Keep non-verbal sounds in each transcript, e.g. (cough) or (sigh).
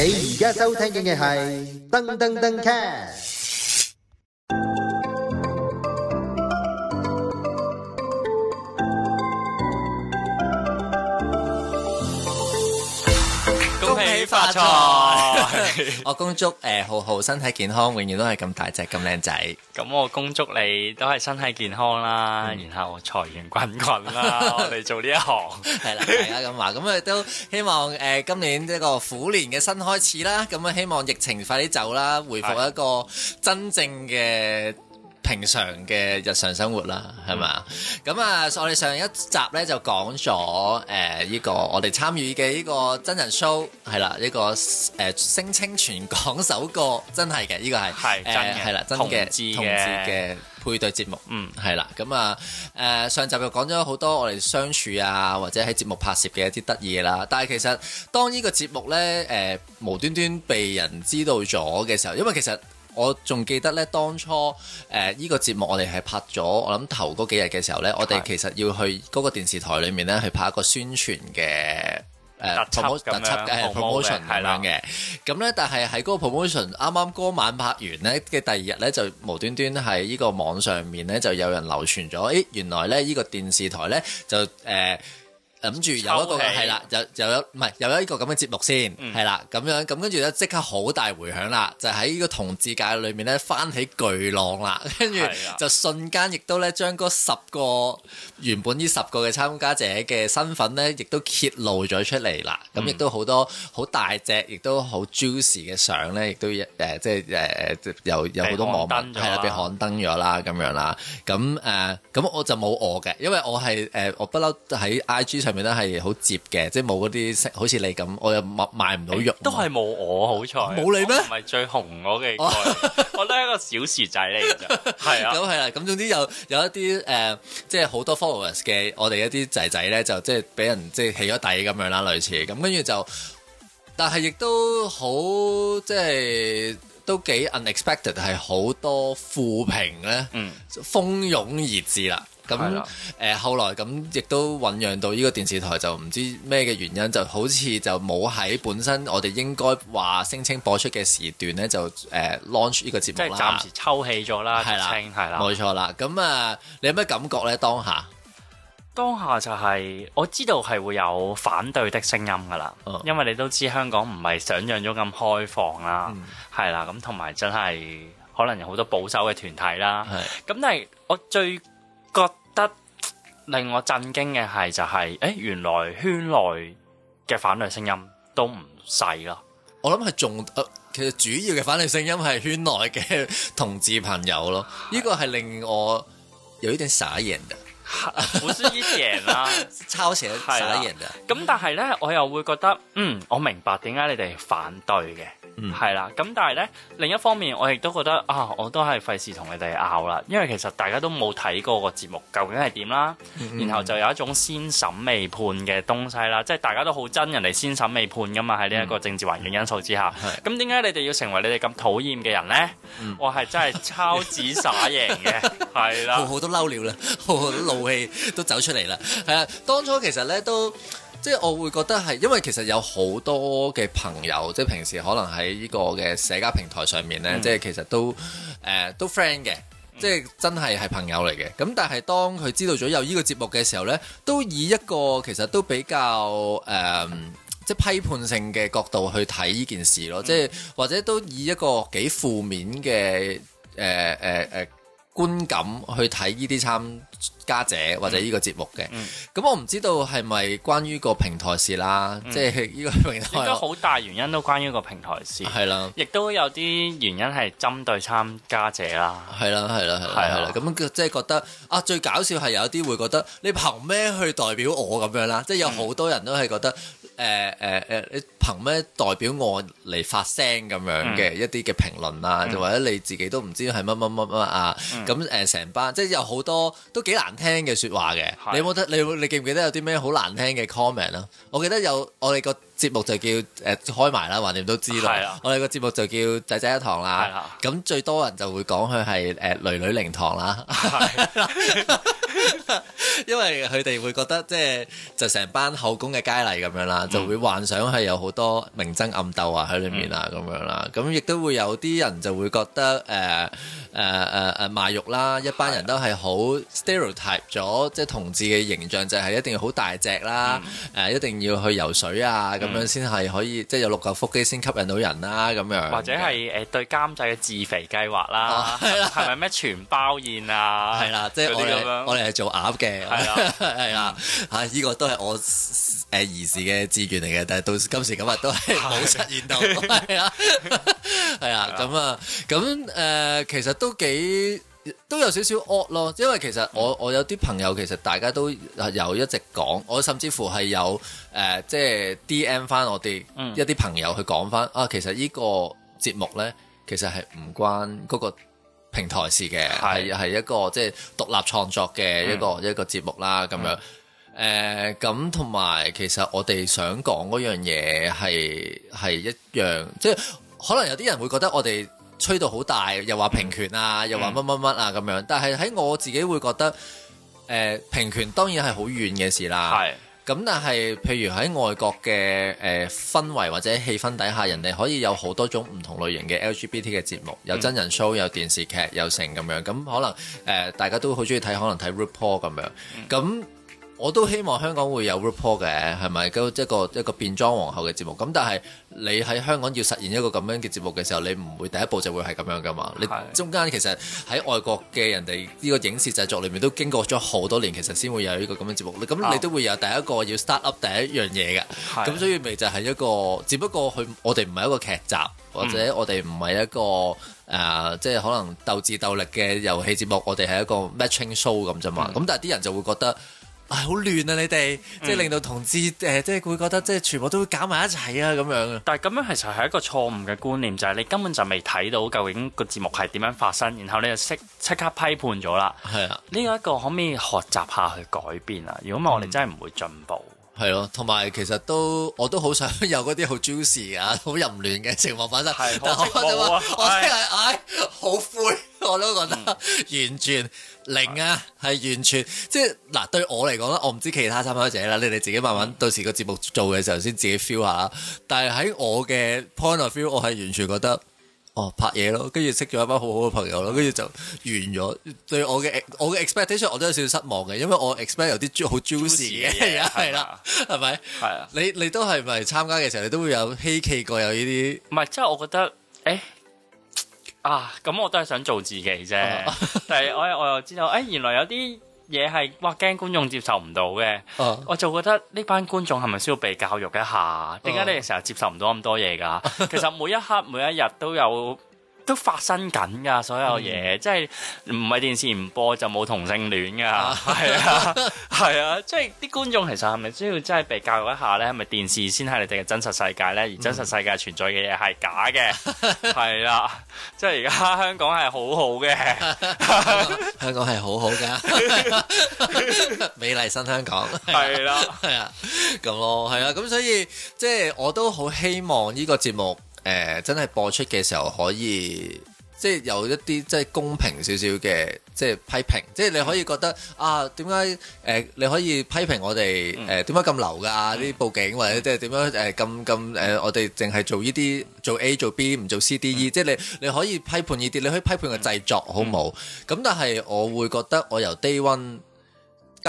你而家收聽緊嘅係噔噔噔 cash，恭喜發財！我恭祝誒、呃、浩浩身體健康，永遠都係咁大隻、咁靚仔。咁我恭祝你都係身體健康啦，嗯、然後財源滾滾啦。 (laughs) 我哋做呢一行係啦，係啦咁話，咁啊 (laughs) 都希望誒、呃、今年呢個虎年嘅新開始啦，咁啊希望疫情快啲走啦，回復一個真正嘅平常嘅日常生活啦，係嘛？咁、嗯、啊，我哋上一集呢就講咗誒呢個我哋參與嘅呢個真人 show 係啦，呢、這個誒聲稱全港首個真係嘅、這個是、呃、真係嘅呢個係誒係啦真嘅同志嘅配對節目，嗯係啦。咁啊誒、呃、上集又講咗好多我哋相處啊，或者喺節目拍攝嘅一啲得意啦。但係其實當呢個節目呢，誒、呃、無端端端被人知道咗嘅時候，因為其實。我仲記得呢，當初誒依、呃呢個節目我，我哋係拍咗，我諗頭嗰幾日嘅時候呢，是的 我哋其實要去嗰個電視台裏面呢，去拍一個宣傳嘅誒、呃、特輯，特輯嘅 promotion 係啦嘅。咁呢、嗯，但係喺嗰個 promotion 啱啱嗰晚拍完呢嘅第二日呢，就無端端喺呢個網上面呢，就有人流傳咗，誒、欸、原來呢，呢、呢個電視台呢，就誒。呃諗住有一個係啦氣，有有一唔係有一個咁嘅節目先，係啦、嗯，咁樣，咁跟住咧即刻好大回響啦，就喺呢個同志界裏面咧翻起巨浪啦，跟住的就瞬間亦都咧將嗰十個原本呢十個嘅參加者嘅身份咧，亦都揭露咗出嚟啦。咁亦、嗯、都好多好大隻亦都好 juicy 嘅相咧，亦都誒、呃、即係誒誒，有有好多網民係啦，被刊登咗啦，咁樣啦，咁誒咁我就冇我嘅，因為我係誒我不嬲喺 IG。係咪咧係好接嘅，即係冇嗰啲好似你咁，我又賣唔到藥，都係冇我好彩，冇你咩？唔係最紅 (laughs) 我嘅，嚟，我係一個小薯仔嚟嘅，係 (laughs) 啊，咁係啦，咁總之有有一啲誒、呃，即係好多 followers 嘅，我哋一啲仔仔咧，就即係俾人即係起咗底咁樣啦，類似咁，跟住就，但係亦都好即係都幾 unexpected，係好多負評咧，嗯、蜂擁而至啦。咁誒、嗯、後來咁亦都醖釀到呢個電視台就唔知咩嘅原因，就好似就冇喺本身我哋應該話聲稱播出嘅時段咧，就誒 launch 呢個節目啦，即暫時抽起咗啦，係啦，係啦，冇錯啦。咁啊，你有咩感覺咧？當下當下就係我知道係會有反對嘅聲音噶啦，嗯、因為你都知香港唔係想像咗咁開放啦，係、嗯、啦，咁同埋真係可能有好多保守嘅團體啦，係咁是，但係我最覺得令我震驚嘅係就係，誒、欸，原來圈內嘅反對聲音都唔細啦。我諗係仲，其實主要嘅反對聲音係圈內嘅同志朋友咯。呢的個係令我有啲點耍贏嘅，本身啲人啊抄寫耍贏嘅。咁但係咧，我又會覺得，嗯，我明白點解你哋係反對嘅。嗯，係啦，咁但係呢，另一方面，我亦都覺得啊，我都係費事同你哋拗啦，因為其實大家都冇睇過個節目究竟係點啦，然後就有一種先審未判嘅東西啦，即係大家都好憎人哋先審未判㗎嘛，喺呢一個政治環境因素之下，咁點解你哋要成為你哋咁討厭嘅人呢？Mm. 我係真係抄紙耍贏嘅，係啦 (laughs) 了，個個都嬲了啦，個個怒氣都走出嚟啦，係啊，當初其實呢都。即係我會覺得係，因為其實有好多嘅朋友，即係平時可能喺呢個嘅社交平台上面呢，嗯、即係其實都誒、呃、都 friend 嘅，嗯、即係真係係朋友嚟嘅。咁但係當佢知道咗有呢個節目嘅時候呢，都以一個其實都比較誒、呃，即係批判性嘅角度去睇呢件事咯。嗯、即係或者都以一個幾負面嘅誒誒誒。呃呃呃觀感去睇呢啲參加者或者呢個節目嘅，咁、嗯、我唔知道係咪關於個平台事啦，嗯、即係呢個平台。應該好大原因都關於個平台事，係啦的。亦都有啲原因係針對參加者啦，係啦，係啦，係啦，係啦。咁即係覺得啊，最搞笑係有啲會覺得你憑咩去代表我咁樣啦，即、就、係、是、有好多人都係覺得。嗯誒誒誒，你、呃呃、憑咩代表我嚟發聲咁樣嘅、嗯、一啲嘅評論啊？就、嗯、或者你自己都唔知係乜乜乜乜啊？咁誒成班即係有好多都幾難聽嘅說話嘅、嗯。你有冇得？你會你記唔記得有啲咩好難聽嘅 comment 啊？我記得有我哋個。節目就叫誒開埋啦，橫掂，都知啦。啊、我哋個節目就叫仔仔一堂啦。咁最多人就會講佢係誒女女靈堂啦，因為佢哋會覺得即係、呃、就成班後宮嘅佳麗咁樣啦，就會幻想係有好多明爭暗鬥啊喺裏面啊咁、嗯嗯、樣啦。咁亦都會有啲人就會覺得誒誒誒誒賣肉啦，一班人都係好 stereotype 咗，即係同志嘅形象就係一定要好大隻啦，誒、嗯、一定要去游水啊咁。咁 (music) 樣先係可以，即係有六嚿腹肌先吸引到人啦、啊，咁樣。或者係誒、呃、對監製嘅自肥計劃啦，係、啊、啦，係咪咩全包宴啊？係 (laughs) 啦，即係我哋我哋係做鴨嘅，係啦 (laughs) 啦啊係啊，吓呢個都係我誒兒時嘅志願嚟嘅，但係到今時今日都係冇出現到，係啊係啊，咁啊咁誒，其實都幾～都有少少惡咯，因為其實我、嗯、我有啲朋友其實大家都有一直講，我甚至乎係有誒，即係 DM 翻我啲一啲、嗯、朋友去講翻啊，其實呢個節目呢，其實係唔關嗰個平台事嘅，係係、嗯、一個即係、即係、獨立創作嘅一個、嗯、一個節目啦咁樣。誒、嗯，咁同埋其實我哋想講嗰樣嘢係係一樣，即係可能有啲人會覺得我哋。吹到好大，又話平權啊，又話乜乜乜啊咁樣。但係喺我自己會覺得，誒、呃、平權當然係好遠嘅事啦。係。咁但係，譬如喺外國嘅誒、呃、氛圍或者氣氛底下，人哋可以有好多種唔同類型嘅 LGBT 嘅節目，有真人 show，有電視劇，有成咁樣。咁、嗯、可能誒、呃，大家都好鍾意睇，可能睇 report 咁樣。咁、嗯嗯我都希望香港會有 report 嘅，係咪？咁一個一個變裝皇后嘅節目。咁但係你喺香港要實現一個咁樣嘅節目嘅時候，你唔會第一步就會係咁樣㗎嘛？你中間其實喺外國嘅人哋呢個影視製作裏面都經過咗好多年，其實先會有呢個咁樣節目。咁你都會有第一個要 start up 第一樣嘢嘅。咁、oh. 所以咪就係一個，只不過佢我哋唔係一個劇集，或者我哋唔係一個誒、mm. 呃，即係可能鬥智鬥力嘅遊戲節目。我哋係一個 matching show 咁啫嘛。咁、mm. 但係啲人就會覺得。係好亂啊！你哋即係令到同志誒，即係會覺得即係全部都會搞埋一齊啊咁樣。但係咁樣其實係一個錯誤嘅觀念，就係、是、你根本就未睇到究竟個節目係點樣發生，然後你就即即刻批判咗啦。係啊，呢一個可唔可以學習下去改變啊？如果唔係，我哋真係唔會進步。係咯、嗯，同埋、啊、其實都我都好想有嗰啲好 juicy 啊、好淫亂嘅情況反正，但係我真係唉好灰。我都覺得完全零啊、嗯，係完全即係嗱，對我嚟講咧，我唔知其他參加者啦，你哋自己慢慢到時個節目做嘅時候先自己 feel 下。但係喺我嘅 point of view，我係完全覺得，哦拍嘢咯，跟住識咗一班好好嘅朋友咯，跟住、嗯、就完咗。對我嘅我嘅 expectation，我都有少少失望嘅，因為我 expect 有啲好 juicy 嘅係啦，係咪？係啊，你你都係咪參加嘅時候你都會有希冀過有呢啲？唔係，即係我覺得，誒。啊！咁我都係想做自己啫， (laughs) 但係我我又知道，誒、哎、原來有啲嘢係哇驚觀眾接受唔到嘅， (laughs) 我就覺得呢班觀眾係咪需要被教育一下？點解你哋成日接受唔到咁多嘢㗎？ (laughs) 其實每一刻每一日都有。都發生緊噶，所有嘢即係唔係電視唔播就冇同性戀噶，係 (laughs) 啊，係啊，即係啲觀眾其實係咪需要真係被教育一下呢？係咪電視先係你哋嘅真實世界呢？嗯、而真實世界存在嘅嘢係假嘅，係啦、 (laughs) 啊，即係而家香港係好好嘅， (laughs) 香港係 (laughs) 好好噶、啊啊，美麗新香港係啦，係啊，咁是、啊啊啊、咯，係啊，咁所以即係我都好希望呢個節目。誒、呃，真係播出嘅時候可以，即係有一啲即係公平少少嘅，即係批評，即係你可以覺得啊，點解誒，你可以批評我哋誒，點解咁流噶啲布景或者即係點樣誒，咁咁誒，我哋淨係做呢啲做 A 做 B 唔做 C D E，、嗯、即係你你可以批判呢啲，你可以批判個製作好冇。咁、嗯、但係我會覺得我由 day one。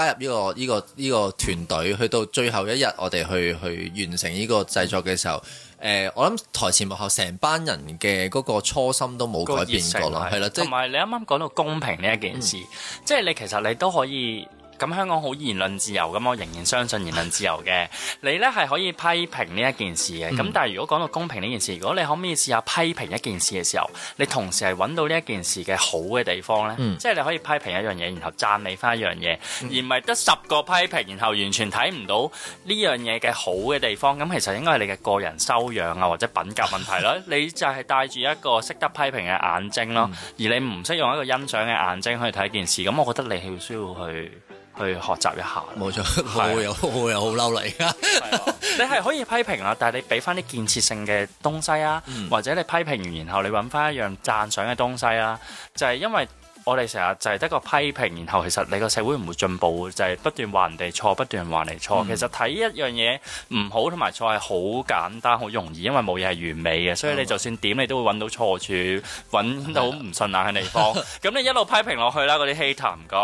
加入呢個呢個呢個團隊，去到最後一日，我哋去去完成呢個製作嘅時候，誒、呃，我諗台前幕後成班人嘅嗰個初心都冇改變過咯，係啦，即係同埋你啱啱講到公平呢一件事，嗯、即係你其實你都可以。咁香港好言論自由，咁我仍然相信言論自由嘅。你呢係可以批評呢一件事嘅，咁、嗯、但係如果講到公平呢件事，如果你可唔可以試下批評一件事嘅時候，你同時係揾到呢一件事嘅好嘅地方呢？嗯、即係你可以批評一樣嘢，然後讚美翻一樣嘢，嗯、而唔係得十個批評，然後完全睇唔到呢樣嘢嘅好嘅地方。咁其實應該係你嘅個人修養啊，或者品格問題啦。 (laughs) 你就係帶住一個識得批評嘅眼睛咯，嗯、而你唔識用一個欣賞嘅眼睛去睇一件事。咁我覺得你係需，需要去。去學習一下，冇錯， (laughs) 我又、啊、我又好嬲、啊 (laughs) 啊、你而你係可以批評啦，但係你俾翻啲建設性嘅東西啊，嗯、或者你批評完然後你揾翻一樣讚賞嘅東西啦、啊，就係、是、因為。我哋成日就係得個批評，然後其實你個社會唔會進步嘅，就係不斷話人哋錯，不斷話人哋錯。其實睇一樣嘢唔好同埋錯係好簡單、好容易，因為冇嘢係完美嘅，所以你就算點你都會揾到錯處，揾到唔順眼嘅地方。咁你一路批評落去啦，嗰啲 hater 唔該，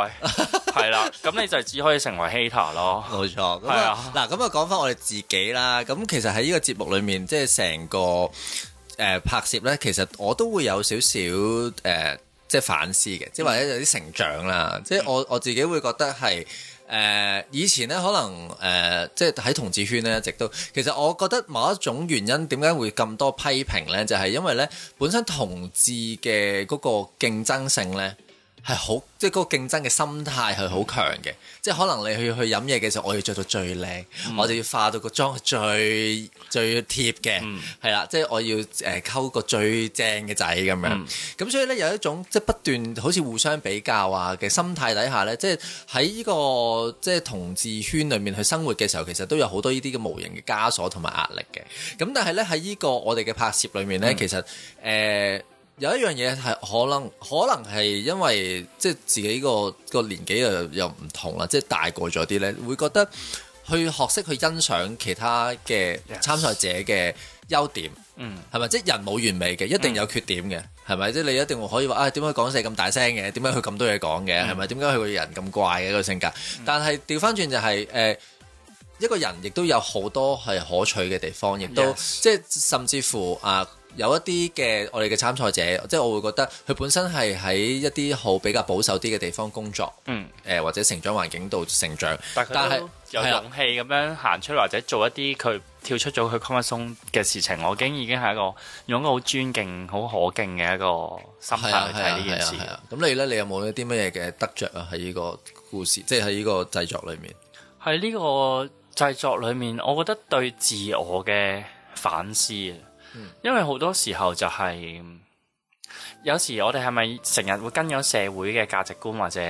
係啦。咁你就只可以成為 hater 咯，冇錯。係啊，嗱咁啊，講翻我哋自己啦。咁其實喺呢個節目裡面，即係成個誒拍攝咧，其實我都會有少少誒。即係反思嘅，即係或者有啲成長啦。嗯、即係我我自己會覺得係誒、呃、以前咧，可能誒、呃、即係喺同志圈咧，一直都，其實我覺得某一種原因點解會咁多批評咧，就係、是、因為咧本身同志嘅嗰個競爭性咧。係好，即係嗰個競爭嘅心態係好強嘅，嗯、即係可能你去去飲嘢嘅時候，我要着到最靚，嗯、我就要化到個妝最最貼嘅，係啦、嗯，即係我要誒溝、呃、個最正嘅仔咁樣。咁、嗯、所以呢，有一種即係不斷好似互相比較啊嘅心態底下呢，即係喺呢個即係同志圈裡面去生活嘅時候，其實都有好多呢啲嘅無形嘅枷鎖同埋壓力嘅。咁但係呢，喺呢個我哋嘅拍攝裡面呢，其實誒。嗯呃有一樣嘢係可能，可能係因為即係自己個個年紀又又唔同啦，即係大個咗啲呢，會覺得去學識去欣賞其他嘅參賽者嘅優點，嗯，係咪？即係人冇完美嘅，一定有缺點嘅，係咪、mm.？即係你一定可以話啊，點解講死咁大聲嘅？點解佢咁多嘢講嘅？係咪、mm.？點解佢個人咁怪嘅個性格？但係調翻轉就係、是、誒、呃，一個人亦都有好多係可取嘅地方，亦都 Yes. 即係甚至乎啊。有一啲嘅我哋嘅參賽者，即係我會覺得佢本身係喺一啲好比較保守啲嘅地方工作，嗯，誒、呃、或者成長環境度成長，但係有勇氣咁樣行出嚟，或者是的做一啲佢跳出咗佢 comfort zone 嘅事情，我已經已經係一個、嗯、用好尊敬、好可敬嘅一個心態去睇呢件事。咁你咧，你有冇一啲乜嘢嘅得着啊？喺呢個故事，即係喺呢個製作裏面，喺呢個製作裏面，我覺得對自我嘅反思。因為好多時候就係、是，有時我哋係咪成日會跟咗社會嘅價值觀或者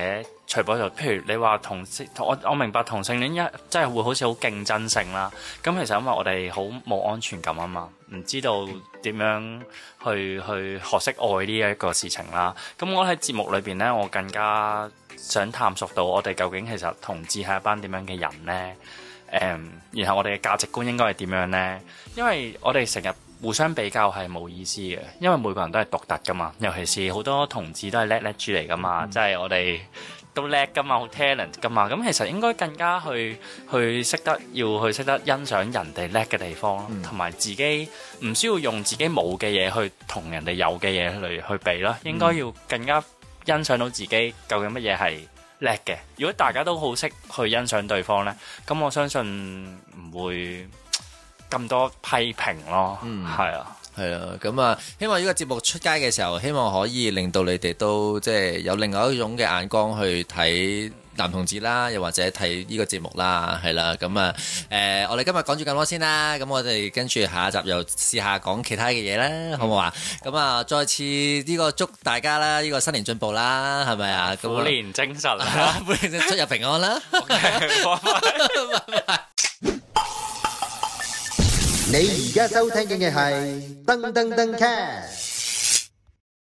徐博士，譬如你話同性，我我明白同性戀一，真係會好似好競爭性啦。咁其實因為我哋好冇安全感啊嘛，唔知道點樣去去學識愛呢一個事情啦。咁我喺節目裏邊呢，我更加想探索到我哋究竟其實同志係一班點樣嘅人呢？誒、嗯，然後我哋嘅價值觀應該係點樣呢？因為我哋成日。互相比較係冇意思嘅，因為每個人都係獨特噶嘛，尤其是好多同志都係叻叻豬嚟噶嘛，即係我哋都叻噶嘛，好 talent 噶嘛，咁其實應該更加去去識得要去識得欣賞人哋叻嘅地方，同埋自己唔需要用自己冇嘅嘢去同人哋有嘅嘢去去比啦，應該要更加欣賞到自己究竟乜嘢係叻嘅。如果大家都好識去欣賞對方呢，咁我相信唔會。咁多批評咯，嗯，係啊，係啊、嗯，咁啊，希望呢個節目出街嘅時候，希望可以令到你哋都即係有另外一種嘅眼光去睇男同志啦，又或者睇呢個節目啦，係啦，咁啊，誒、呃，我哋今日講住咁多先啦，咁我哋跟住下一集又試下講其他嘅嘢啦，嗯、好唔好啊？咁啊、嗯嗯，再次呢個祝大家啦，呢個新年進步啦，係咪啊？虎年精神啊，出入平安啦 (laughs) okay, bye bye。你而家收聽嘅係噔噔噔 cast。